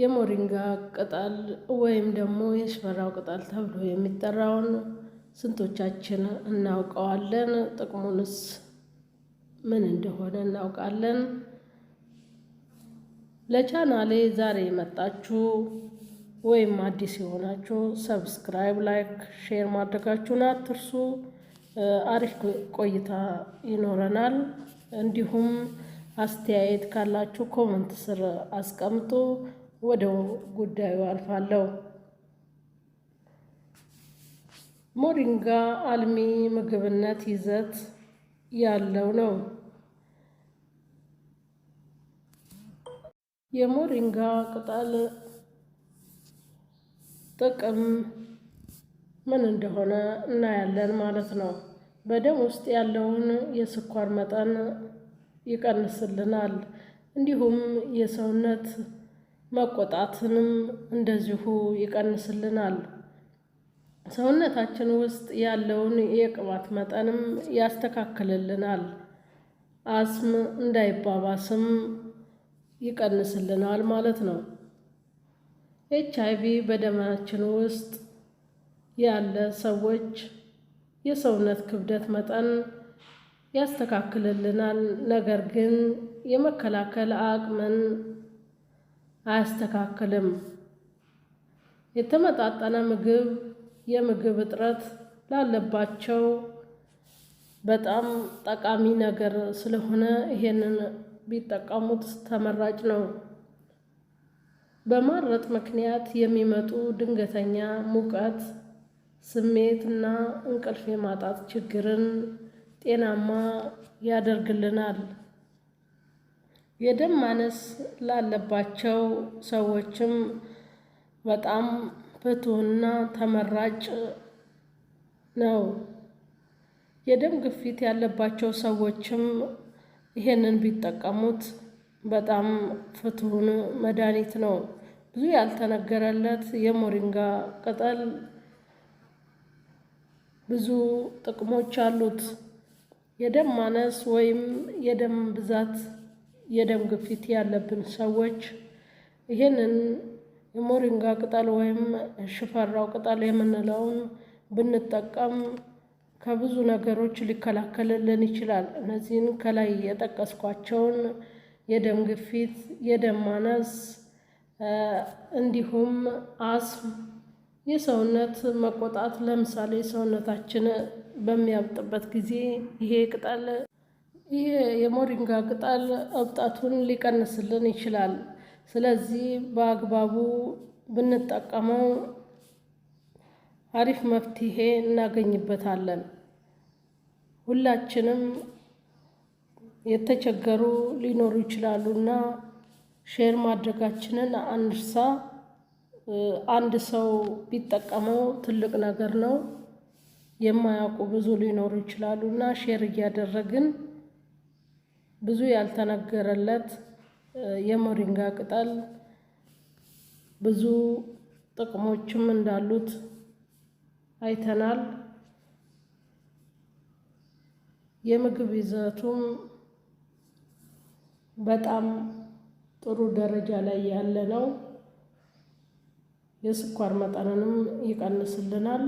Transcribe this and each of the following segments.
የሞሪንጋ ቅጠል ወይም ደግሞ የሽፈራው ቅጠል ተብሎ የሚጠራውን ስንቶቻችን እናውቀዋለን? ጥቅሙንስ ምን እንደሆነ እናውቃለን? ለቻናሌ ዛሬ የመጣችሁ ወይም አዲስ የሆናችሁ ሰብስክራይብ፣ ላይክ፣ ሼር ማድረጋችሁን አትርሱ። አሪፍ ቆይታ ይኖረናል። እንዲሁም አስተያየት ካላችሁ ኮመንት ስር አስቀምጡ። ወደ ጉዳዩ አልፋለሁ። ሞሪንጋ አልሚ ምግብነት ይዘት ያለው ነው። የሞሪንጋ ቅጠል ጥቅም ምን እንደሆነ እናያለን ማለት ነው። በደም ውስጥ ያለውን የስኳር መጠን ይቀንስልናል። እንዲሁም የሰውነት መቆጣትንም እንደዚሁ ይቀንስልናል። ሰውነታችን ውስጥ ያለውን የቅባት መጠንም ያስተካክልልናል። አስም እንዳይባባስም ይቀንስልናል ማለት ነው። ኤች አይ ቪ በደማችን ውስጥ ያለ ሰዎች የሰውነት ክብደት መጠን ያስተካክልልናል፣ ነገር ግን የመከላከል አቅምን አያስተካክልም። የተመጣጠነ ምግብ የምግብ እጥረት ላለባቸው በጣም ጠቃሚ ነገር ስለሆነ ይሄንን ቢጠቀሙት ተመራጭ ነው። በማረጥ ምክንያት የሚመጡ ድንገተኛ ሙቀት ስሜት እና እንቅልፍ የማጣት ችግርን ጤናማ ያደርግልናል። የደም ማነስ ላለባቸው ሰዎችም በጣም ፍቱህና ተመራጭ ነው። የደም ግፊት ያለባቸው ሰዎችም ይሄንን ቢጠቀሙት በጣም ፍቱህን መድኃኒት ነው። ብዙ ያልተነገረለት የሞሪንጋ ቅጠል ብዙ ጥቅሞች አሉት። የደም ማነስ ወይም የደም ብዛት የደም ግፊት ያለብን ሰዎች ይህንን የሞሪንጋ ቅጠል ወይም ሽፈራው ቅጠል የምንለውን ብንጠቀም ከብዙ ነገሮች ሊከላከልልን ይችላል። እነዚህን ከላይ የጠቀስኳቸውን የደም ግፊት፣ የደም ማነስ እንዲሁም አስም፣ የሰውነት መቆጣት ለምሳሌ ሰውነታችን በሚያብጥበት ጊዜ ይሄ ቅጠል ይህ የሞሪንጋ ቅጠል እብጠቱን ሊቀንስልን ይችላል። ስለዚህ በአግባቡ ብንጠቀመው አሪፍ መፍትሄ እናገኝበታለን። ሁላችንም የተቸገሩ ሊኖሩ ይችላሉ እና ሼር ማድረጋችንን አንርሳ። አንድ ሰው ቢጠቀመው ትልቅ ነገር ነው። የማያውቁ ብዙ ሊኖሩ ይችላሉ እና ሼር እያደረግን ብዙ ያልተነገረለት የሞሪንጋ ቅጠል ብዙ ጥቅሞችም እንዳሉት አይተናል። የምግብ ይዘቱም በጣም ጥሩ ደረጃ ላይ ያለ ነው። የስኳር መጠንንም ይቀንስልናል።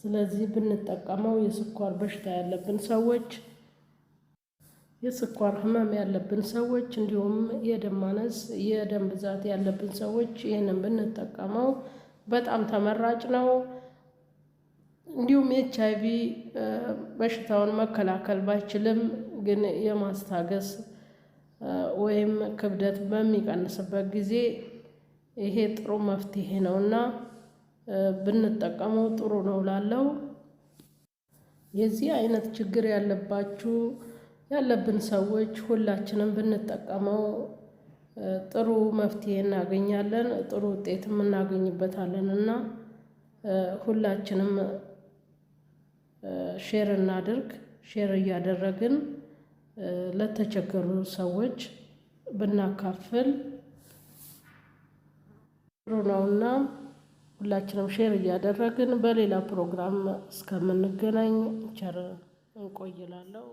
ስለዚህ ብንጠቀመው የስኳር በሽታ ያለብን ሰዎች የስኳር ህመም ያለብን ሰዎች እንዲሁም የደም ማነስ፣ የደም ብዛት ያለብን ሰዎች ይህንን ብንጠቀመው በጣም ተመራጭ ነው። እንዲሁም ኤች አይ ቪ በሽታውን መከላከል ባይችልም ግን የማስታገስ ወይም ክብደት በሚቀንስበት ጊዜ ይሄ ጥሩ መፍትሄ ነው እና ብንጠቀመው ጥሩ ነው ላለው የዚህ አይነት ችግር ያለባችሁ ያለብን ሰዎች ሁላችንም ብንጠቀመው ጥሩ መፍትሄ እናገኛለን፣ ጥሩ ውጤትም እናገኝበታለን እና ሁላችንም ሼር እናድርግ። ሼር እያደረግን ለተቸገሩ ሰዎች ብናካፍል ጥሩ ነውና ሁላችንም ሼር እያደረግን በሌላ ፕሮግራም እስከምንገናኝ ቸር እንቆይላለው።